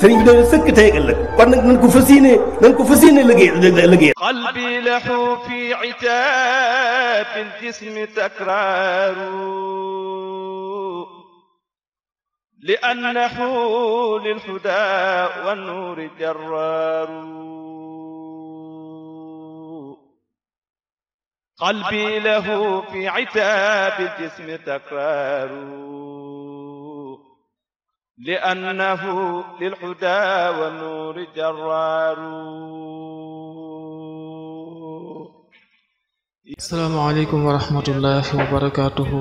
sëriñ bi daal sëkk tey ëllëg kon nag nañ ko fas yéene nañ ko fas yéene liggéey liggéey qalbi lahu fi itaab al jismi takraaru li annahu lil huda wan nuuri jarraaru qalbi lahu fi itaab al jismi takraaru لأنه للحدى والنور جرار asalaamaaleykum wa rahmatullahi wa barakaatuhu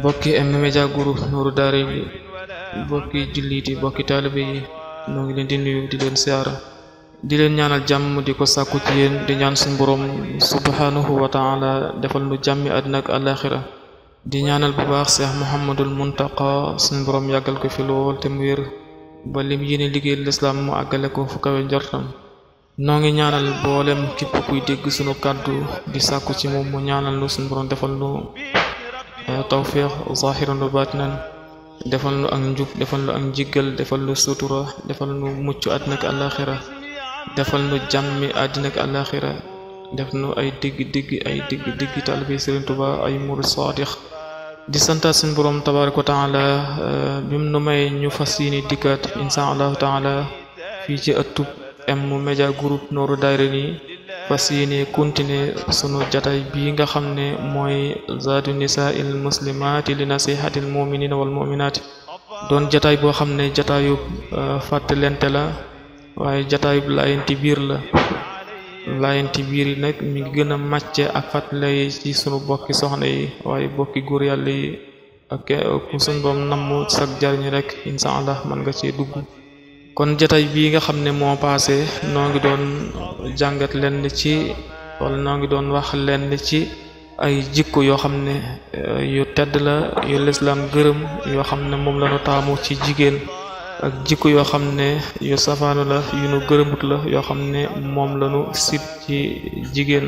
bokki M-Media Group Nourou Darayni bokki jullit yi bokki taalibe yi ñoo ngi leen di nuyu di leen siyaara di leen ñaanal jàmm di ko sàkku ci yéen di ñaan suñu borom subhanahu wa taala defal nu jàmmi àddina ak àllaaxira di ñaanal bu baax seex muhammadul muntaqa suñu borom yàggal ko fi lool te mu wér ba lim yéene liggéey lislaam mu àggale ko fu kawe njortam noo ngi ñaanal boolem ki kuy dégg sunu kàddu di sàkku ci moom mu ñaanal nu suñu borom defal nu eh, tawfiq zahiran wa batinan defal nu ak njub defal nu ak njiggal defal nu sutura defal nu mucc àddina ak àllaaxira defal nu jàmmi àddina ak àllaaxira def nu ay digg digg ay digg digg taalibe Sëriñ Tuubaa ay murid saadiq di santaat seen borom tabaraka wa taala eh, bi mu nu may ñu fas yéene dikkaat insha allahu taala fii ci ëttub M-Media Group Nourou Darayni fas yéene continuer sunu jataay bii nga xam ne mooy zaadu nisaa'il muslimaati li nasihatil mu'minina wal mu'minaati doon jataay boo xam ne jataayub eh, fàttalente la waaye jataayub laayenti biir la laayante biir yi nag mi ngi gën a màcce ak fàttale yi ci sunu bokki soxna yi waaye bokki góor yàlla yi ak eh, ku suñ boom namm sag jariñu rek incha allah mën nga cee dugg kon jataay bii nga xam ne moo paase noo ngi doon jàngat lenn ci wala noo ngi doon wax lenn ci ay jikko yoo xam ne eh, yu tedd la yu lislaam gërëm yoo xam ne moom lañu taamu ci jigéen ak jikko yoo xam ne yu safaanu la yu nu gërëmut la yoo xam ne moom lañu sib ci jigéen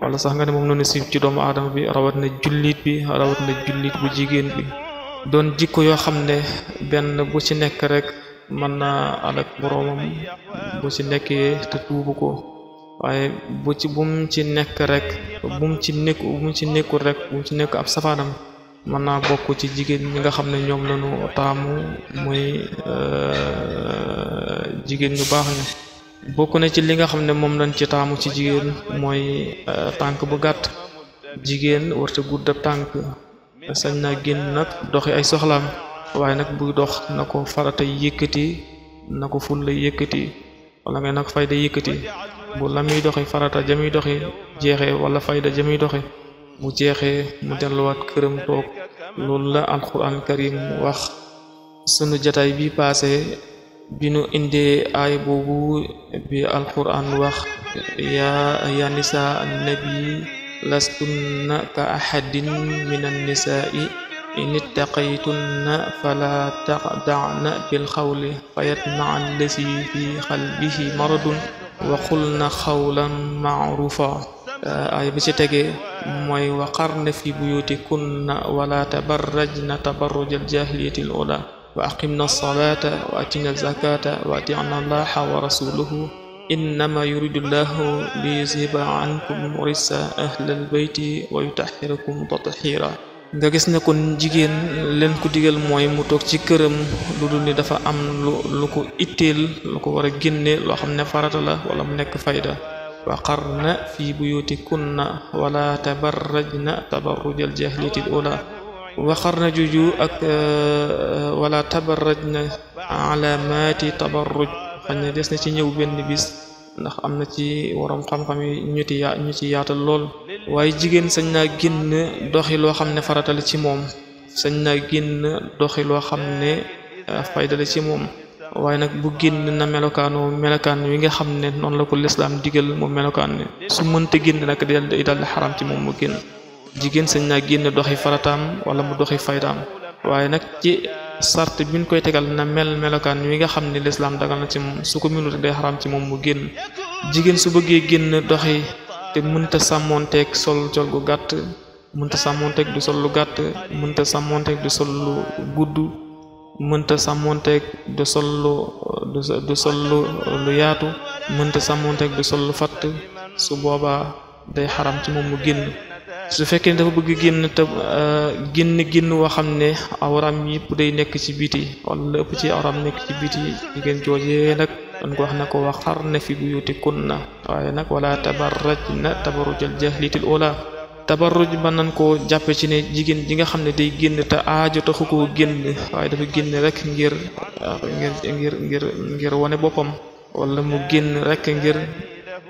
wala sax nga ne moom lañu sib ci doomu aadama bi rawat na jullit bi rawat na jullit bu jigéen bi doon jikko yoo xam ne benn bu ci nekk rek mën naa alak boroomam bu ci nekkee te tuubu ko waaye bu ci bu ci nekk rek bu ci nekk ci nekkul rek bu ci nekk ab safaanam mën naa bokk ci jigéen ñi nga xam ne ñoom lañu taamu mooy euh, jigéen ñu baax na bokk na ci li nga xam ne moom lañ ci taamu ci jigéen mooy euh, tànk bu gàtt jigéen warte gudd tànk sañ na génn nag doxi ay soxlaam waaye nag buy dox na ko farata yëkkati na ko fulla yëkkati wala nga nag fayda yëkkati bu la muy doxi farata jamuy doxi jeexee wala fayda jamuy doxi mu jeexe mu delluwaat këram toog loolu la karim wax sunu jataay bi paase bi nu indee aay boobu bi alquran wax yaa ya nisa annabi lastunna ka ahadin min annisaai in ittaqaytunna fala taqda'na bilxawli fayatmaca allasi fi qalbihi maradun wa qulna xawlan macrufa ay bi ci tegee mooy waqarna fi buyutikunna wala tabarrajna tabarruj aljahiliyati al ula wa aqimna alsalata wa atina alzakata wa atina allaha wa rasuluhu innama yuridu llahu liyuzhiba ankum rissa ahlal bayti wa yutahhirakum tatheera nga gis ne kon jigéen leen ko digal mooy mu toog ci këram lu dul dafa am lu lu ko lu ko war a génne loo xam ne farata la wala mu nekk fayda وقرن في بيوتكن ولا تبرجن تبرج الجاهلية الأولى وقرن جوجو ak ولا تبرجن علامات تبرج xañ na des na ci ñëw benn bis ndax am na ci waroom xam-xam yi ñu ci yaatal lool waaye jigéen sañ naa génn doxi loo xam ne faratal ci moom sañ naa génn doxi loo xam ne eh, faydale ci moom waaye nag bu génn na melokaanu melokaan wi nga xam ne noonu la ko lislaam digal mu melokaan su mën mënta génn nag day day daldi xaram ci moom mu génn jigéen sañ naa génn doxi farataam wala mu doxi faydaam waaye nag ci sart bi ñu koy tegal na mel melokaan wi nga xam ne lislaam dagal na ci moom su ko mënul rek moom mu génn jigéen su bëggee génn doxi te mënta sàmmoonteeg sol col gu gàtt mënta sàmmoonteeg du sol lu gàtt mënta sàmmoonteeg du sol gudd mënta teg du sol lu du sol lu yaatu mënta teg du sol lu fatt su boobaa day xaram ci moom mu génn su fekkee dafa bëgg génn te euh, génn génn woo xam ne awram yëpp day nekk ci biti wala la ëpp ci awram nekk ci biti jigéen joojee nag dañ ko wax na ko waxar na fi buyuti kunna waaye nag wala tabarraj na tabarrujal jahlitil ula tabarruj mën nañ koo jàppe ci ne jigéen ji nga xam ne day génn te aajo taxu koo génn waaye dafa génn rek ngir ngir ngir wane boppam walla mu génn rek ngir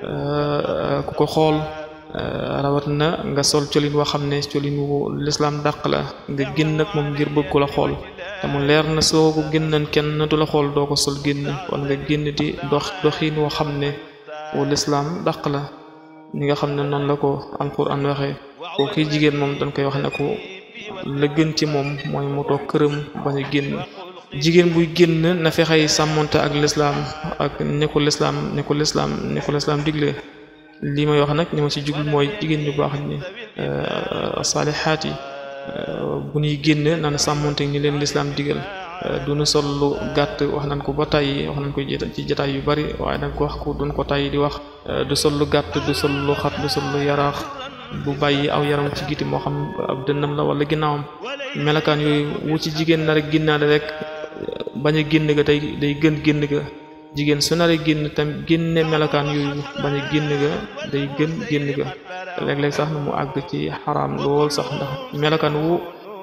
euh, ku ko xool euh, rawat na nga sol colin woo xam ne colin wu lislaam dàq la nga génn nag moom ngir bëgg ko la xool te mu leer na soo ko génnan kenn du la xool doo ko sol génn kon nga génn di dox doxiin woo xam ne wu lislaam dàq la ni nga xam ne noonu la ko alquran waxee ko kii jigéen moom dañ koy wax ne ko la ci moom mooy mu këram bañ génn jigéen buy génn na fexey sàmmonte ak lislaam ak ni ko lislaam ni ko lislaam ni ko lislaam digle lii may wax nag ni ma ci jublu mooy jigéen ñu baax ñi euh, saalihaat yi euh, bu nuy génn naan sàmmoonte ni leen lislaam digal euh, dunu sol lu gàtt wax nañ ko ba tàyyi wax nañ ko ci jataay yu bari waaye nag wax ko duñ ko tay di wax Euh, du sol lu gàtt du sol lu xat du sol lu yaraax bu bàyyi aw yaram ci giti moo xam ab dënnam la wala ginnaawam melokaan yooyu wu ci jigéen na rek ginnaale rek bañ a génn ga day gën génn ga jigéen su nare génn tam génne melokaan yooyu bañ génn ga day gën génn ga léeg-léeg sax na mu àgg ci xaraam lool sax ndax melakaan wu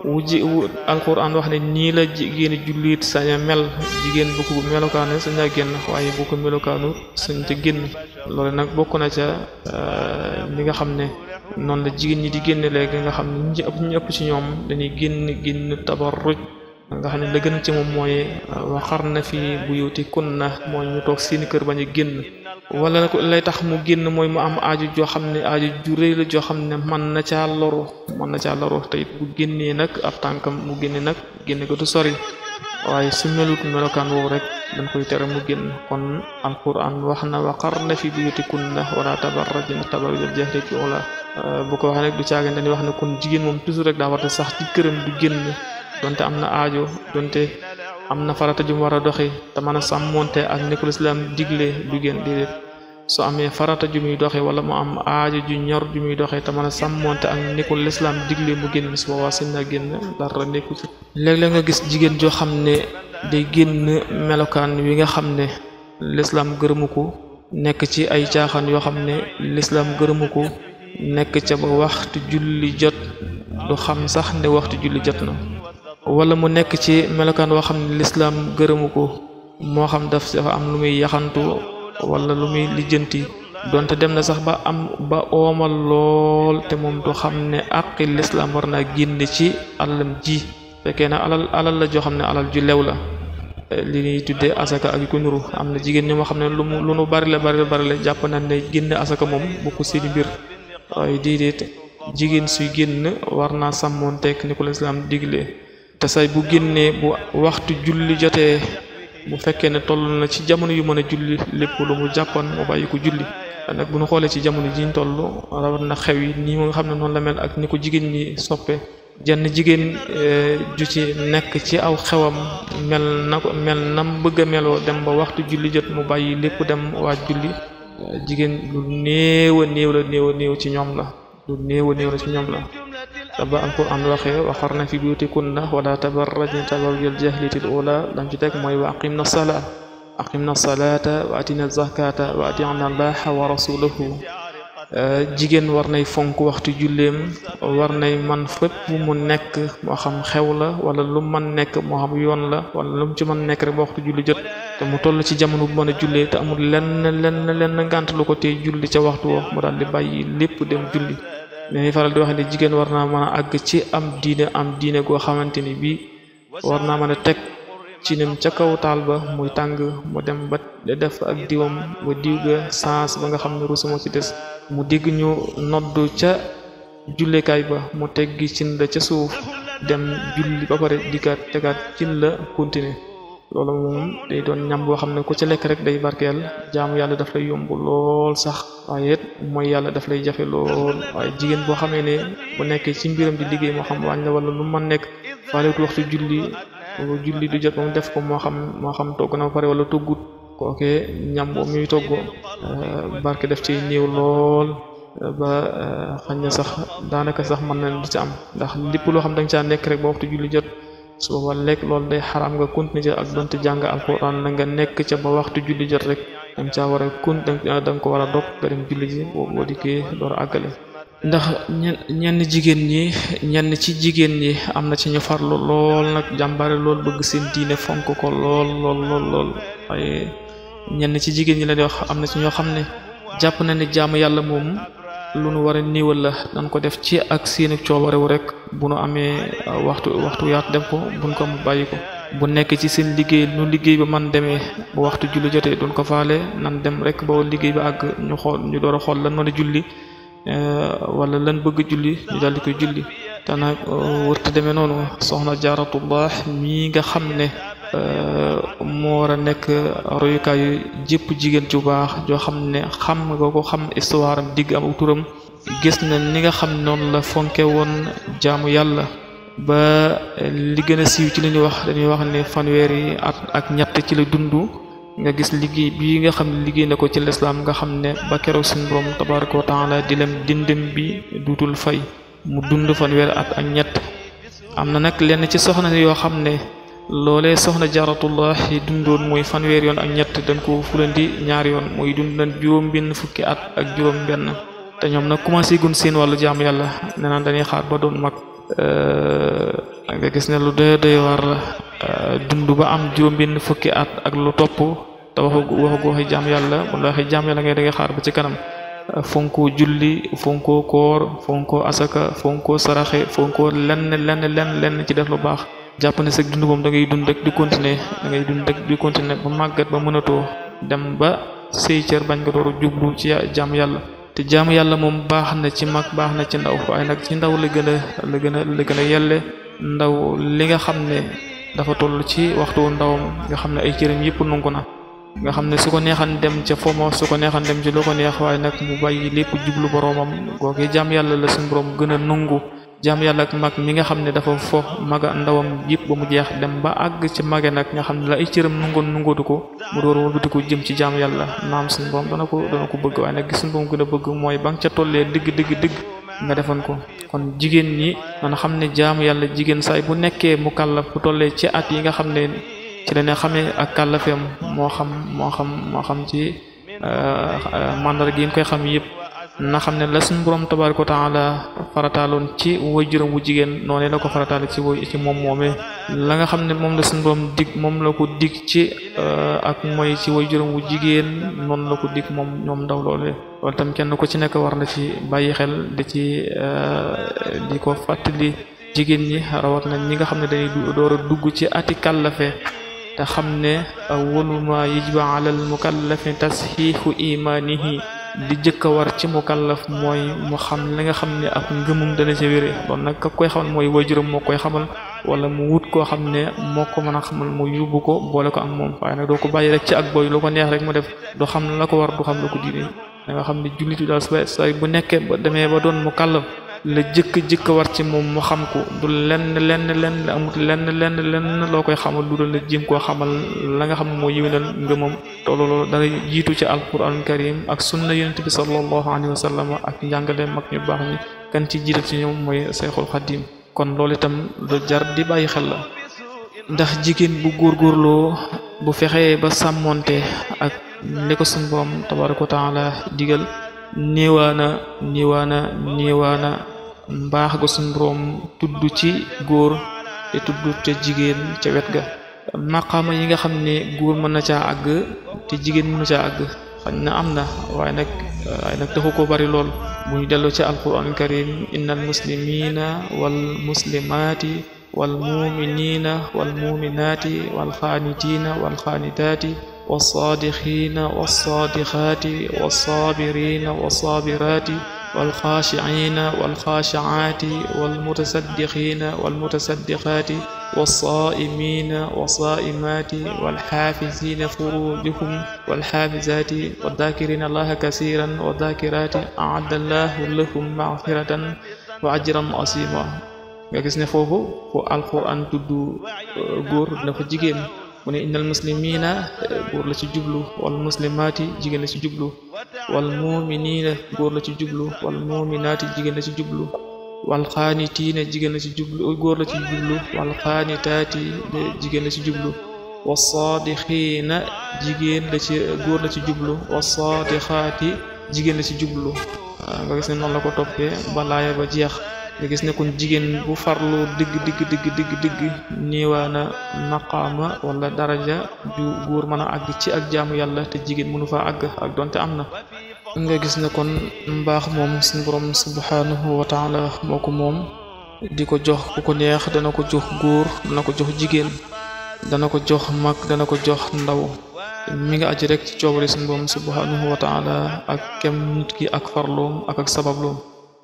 wu ji wu alquran wax ne nii la jigéeni jullit sañ mel jigéen bu ko melokaane sañ a génn waaye bu ko melokaanu sañ te génn loolu nag bokk na ca euh, li nga xam ne noonu la jigéen ñi di génne léegi nga xam ne ñi ëpp ñu ëpp ci ñoom dañuy génn génn tabarruj nga xam ne la gën ci moom mooy euh, waxarna fi buyutikunna mooy ñu toog kër bañ a génn wala lay tax mu génn mooy mu am aaju joo xam ne aaju ju la joo xam ne mën na caa loru mën na ca loru te bu génnee nag ab tànkam mu génne nag génne ko du sori waaye su melut melokaan woowu rek dañ koy tere mu génn kon alquran wax na waqarna fi buyutikunna wala tabarrajna tabarrujal jahrati ula bu ko waxee nag du caagin dañuy wax ne kon jigéen moom toujours rek daa war a sax ci këram du génn donte am na aajo donte am na farata ju mu war a doxi te mën a sàmmonte ak nekku ko lislaam digle du génn déedéet su amee farata ju muy doxe wala mu am aajo ju ñor ju muy doxe te mën a sàmmonte ak ni ko lislaam digle mu génn su boobaa seen na génn dara nekku ci léeg-léeg nga gis jigéen joo xam ne day génn melokaan wi nga xam ne lislaam gërëmu ko nekk ci ay caaxaan yoo xam ne lislaam gërëmu ko nekk ca ba waxtu julli jot du xam sax ne waxtu julli jot na wala mu nekk ci melokaan woo xam ne lislaam gërëmu ko moo xam daf dafa am lu muy yaxantu wala lu muy lijjanti donte dem na sax ba am ba oomal lool te moom du xam ne àqi lislaam war naa génn ci àllam ji fekkee na alal alal la joo xam ne alal ju lew la li ñuy tuddee asaka ak yu ko nuru am na jigéen ñi ma xam ne lu mu lu nu bari la bari la bari la jàpp nañ ne génn asaka moom bokku seeni mbir waaye déedéet jigéen suy génn war naa sàmmoon tekk ni ko la islaam digle te say bu génnee bu waxtu julli jotee bu fekkee ne toll na ci jamono yu mën a julli lépp lu mu jàppoon mu bàyyi ko julli nag bu nu xoolee ci jamono ji ñu toll rawat na xew yi nii nga xam ne noonu la mel ak ni ko jigéen ñi soppe jenn jigéen eh, ju ci nekk ci aw xewam mel na ko mel nam bëgg a dem ba waxtu julli jot mu bàyyi lépp dem waaj julli jigéen lu néew a néew la néew néew ci ñoom la lu néew a ci ñoom la te ba alquran waxee waxarna fi buyutikunna wala tabarrajna tabarrujal jahlitil ula lam ci teg mooy wa aqim na salaa aqim na salaata wa atina zakata wa atina wa rasulahu Euh, jigéen war nay fonk waxtu julleem war nay man fépp mu nekk moo xam xew la wala lu mu mën nekk moo xam yoon la wala lu mu ci mën nekk rek ba waxtu julli jot te mu toll ci jamono bu mën a jullee te amul lenn lenn lenn ngànt lu ko tee julli ca waxtu woo mu daal di bàyyi lépp dem julli dañuy faral di wax ne jigéen war naa mën a àgg ci am diine am diine goo xamante ni bii war naa mën a teg ci nem ca kaw taal ba muy tàng mu dem ba def ak diwam ba diw ga ba nga xam ne rusuma ci des mu digg ñu nodd ca jullekaay ba mu teggi cin la ca suuf dem julli ba pare dikkaat tegaat cin la continuer loolu moom day doon ñam boo xam ne ku ci lekk rek day barkeel jaamu yàlla daf lay yomb lool sax waaye mooy yàlla daf lay jafe lool waaye jigéen boo xamee ne bu nekkee ci mbiram di liggéey moo xam wàññi la wala lu man nekk faaleetu waxtu julli julli du jot moom def ko moo xam moo xam togg na ba pare wala toggut kookee ñam boobu muy togg eh, barke def ci néew lool eh, ba eh, xañ na sax daanaka sax mën na du ci am ndax lépp loo xam da nga caa nekk rek ba waxtu julli jot su booba lekk loolu day xaraam nga continuer ci ak donte jàng alquran la nga nekk ca ba waxtu julli jot rek da caa war a kun da ah, ko war a dog nga dem julli ji boo boo dikkee door a àggale ndax ñenn jigéen ñi ñenn ci jigéen ñi am na ci ñu farlu lool nag jàmbare lool bëgg seen diine fonk ko lool lool lool ñenn ci jigéen ñi la di wax am na su ñoo xam ne jàpp na ne jaamu yàlla moom lu nu war niiwal la dañ ko def ci ak seen ak coobarewu rek bu nu amee ah, waxtu waxtu yaatu def ko buñ ko mu bàyyi ko bu nekk ci seen liggéey nu liggéey ba man demee bu waxtu julli jotee duñ ko faale nan dem rek ba liggéey ba àgg ñu xool ñu door a xool lan mën a julli eh, wala lan bëgg julli ñu daal koy julli te nag uh, wërta noonu soxna Jaaratullah mii nga xam ne Euh, moo war a nekk royukaayu jëpp jigéen ju baax joo xam ne xam nga ko xam histoire am digg am ak gis na ni nga xam noonu la fonke woon jaamu yàlla ba li gën a siiw ci li ñuy wax dañuy wax ne fanweeri at ak ñett ci la dund nga gis liggéey bii nga xam ne liggéey na ko ci lislaam nga xam ne ba keroog suñu borom wa taala di lem dindem bi duutul fay mu dund fanweeri at ak ñett am na nag lenn ci soxna yoo xam ne loole soxna jaratullah dundoon mooy fanweer yoon ak ñett dañ ko fulandi ñaari yoon mooy dund nañ juróom benn fukki at ak juróom benn te ñoom nag commencé gun seen wàllu jaam yàlla nee naan dañuy xaar ba doon mag nga gis ne lu doy war la dund ba am juróom benn fukki at ak lu topp te waxu waxu waxi jaam yàlla bu la waxee jaam yàlla ngay da xaar ba ci kanam fonkoo julli fonkoo koor fonkoo asaka fonkoo saraxe fonkoo lenn lenn lenn lenn ci def lu baax jàpp ne sag dund moom da ngay dund rek di continuer da ngay dund rek di continuer ba màggat ba mënatoo dem ba say cër bañ ko door a jublu ci jaamu yàlla te jaamu yàlla moom baax na ci mag baax na ci ndaw waaye nag ci ndaw la gën a la gën a la gën ndaw li nga xam ne dafa toll ci waxtu ndawam nga xam ne ay cëram yëpp nungu na nga xam ne su ko neexan dem ca fomo su ko neexan dem ci loo ko neex waaye nag mu bàyyi lépp jublu boroomam googee jaam yàlla la suñu boroom gën a nungu jaam yàlla ak mag mi nga xam ne dafa fo maga ndawam yëpp ba mu jeex dem ba àgg ci mage nag nga xam ne la ay cëram nungoon nungootu ko mu door wëlbati ko jëm ci jaam yàlla naam suñu boom dana ko dana bëgg waaye nag suñu boom gën a bëgg mooy ba nga ca tollee digg digg digg nga defoon ko kon jigéen ñi man xam ne jaamu yàlla jigéen saay bu nekkee mu kàllaf bu tollee ci at yi nga xam ne ci la ne xamee ak kàllafeem moo xam moo xam moo xam ci euh, euh, màndar gi koy xam yëpp na xam ne la suñu borom tabaaraka wa taala farataaloon ci waajuram wu jigéen noonu la ko farataal ci ci moom moomee la nga xam ne moom la suñu borom moom la ko dig ci euh, ak mooy ci waajuram wu jigéen noonu la ko dig moom ñoom ndaw tam kenn ku ci nekk war na ci bàyyi xel di ci euh, di ko fàttali jigéen ñi rawat na ñi nga xam ne dañuy door a dugg ci ati kàllafe te xam ne awwalu ma yajibu alal mukallafi tasxiixu imaanihi li jëkk a war ci mukallaf mooy mu xam li nga xam ne ak ngëmum dana ci wéree loolu nag ka koy xamal mooy waajuram moo koy xamal wala mu wut koo xam ne moo ko mën a xamal mu yóbbu ko boole ko am moom waaye nag doo ko bàyyi rek ci ak boy lu ko neex rek mu def du xam la ko war du xam la ko diine da xam ne jullit bi daal saa bu nekkee ba demee ba doon mu mukallaf la jëkk-jëkk war ci moom mu xam ko du lenn lenn lenn lenn lenn lenn loo koy xamal lu dul la jéem koo xamal la nga xam ne moo yëwénal ngëmam tolloo dara jiitu ci alquran karim ak sunna yonent bi sallallahu alayhi wa sallam ak njàngale mag ñu baax ñi kan ci jiital ci ñoom mooy Seexul Xadim kon loolu itam lu jar di bàyyi xel la ndax jigéen bu góor góorgóorloo bu fexee ba sàmmoonte ak li ko sun wa taala digal néewaana néewaana néewaana mbaax ga suñ boroom tudd ci góor te tudd ca jigéen ca wet ga maqaama yi nga xam ne góor mën na caa àgg te jigéen mën na caa àgg xañ na am na waaye nag waaye nag taxu ko bari lool bu ñu dellu ci alquran karim inna al muslimina wal muslimaati wal muminina wal muminaati wal xaanitiina والصادقين والصادقات والصابرين والصابرات والخاشعين والخاشعات والمتصدقين والمتصدقات والصائمين والصائمات والحافزين فروجهم والحافزات والذاكرين الله كثيرا والذاكرات أعد الله لهم مغفرة وأجرا عظيما nga gis ne foofu fu alxuraan tudd góor na fa jigéen mu ne innal muslimina góor la ci jublu wal muslimaati jigéen la ci jublu wal muminina góor ci jublu wal jigéen la ci jublu wal jigéen la ci jublu góor la ci jublu wal xaanitaati jigéen la ci jublu was saadixiina jigéen la ci góor la ci jublu was jigéen la ci jublu nga gis ne la ko toppee balaaya ba jeex nga gis ne kon jigéen bu farlu digg digg digg digg digg niiwaa na maqaama wala daraja ju góor mën a àgg ci ak jaamu yàlla te jigéen mënu fa àgg ak donte am na nga gis ne kon mbaax moom suñ borom subhanahu wa taala moo ko moom di ko jox ku ko neex dana ko jox góor dana ko jox jigéen dana ko jox mag dana ko jox ndaw mi nga aji rek ci coobare suñ borom subhanahu wa taala ak kem nit ki ak farloom ak ak sababloom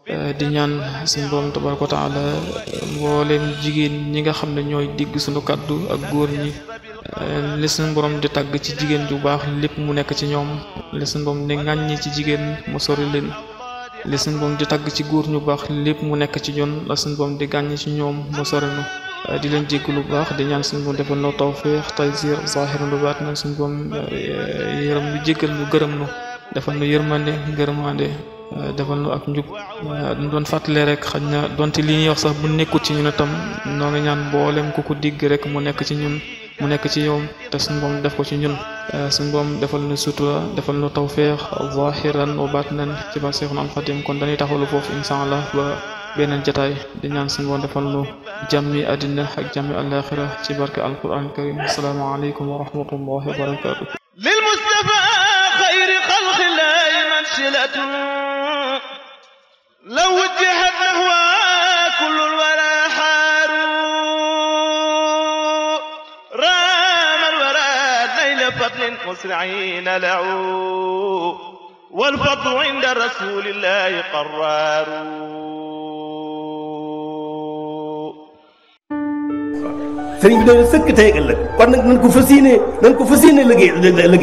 Euh, di ñaan suñu borom tabaraka wa taala euh, mbooleem jigéen ñi nga xam ne ñooy dégg suñu kàddu ak góor ñi li euh, suñu borom di tàgg ci jigéen ju baax lépp mu nekk ci ñoom li suñu borom di ŋàññi ci jigéen mu sori leen li suñu di tàgg ci góor ñu baax lépp mu nekk ci ñoom di ŋàññi ci ñoom mu sori nu di leen jégg lu baax di ñaan suñu borom defal noo tawfiix taysir zahiran lu baat na suñu borom yërëm lu jéggal lu gërëm nu defal nu yërmande ngërmande euh, defal nu ak njub euh, doon fàttale rek xañ na donte li ñuy wax sax bu nekkut ci ñun tam noo ngi ñaan mboolem ku ko digg rek mu nekk ci ñun mu nekk ci yow te suñu boom def ko ci ñun euh, suñu boom defal nu sutura defal nu tawféex zahiran wa batinan ci ba Seexuna al Xadim kon dañuy taxalu foofu insha Allah ba beneen jataay di ñaan suñu boom defal nu jàmmi àddina ak jàmmi àllaaxira ci barke alquran karim asalaamaaleykum wa rahmatullahi wa barakatu سلسلة لو وجهت نحوها كل الورى حاروا رام الورى نيل فضل مسرعين لعوا والفضل عند رسول الله قراروا sëriñ bi de sëkk tey ëllëg kon nag nañ ko fas yéene nañ ko fas yéene liggéey liggéey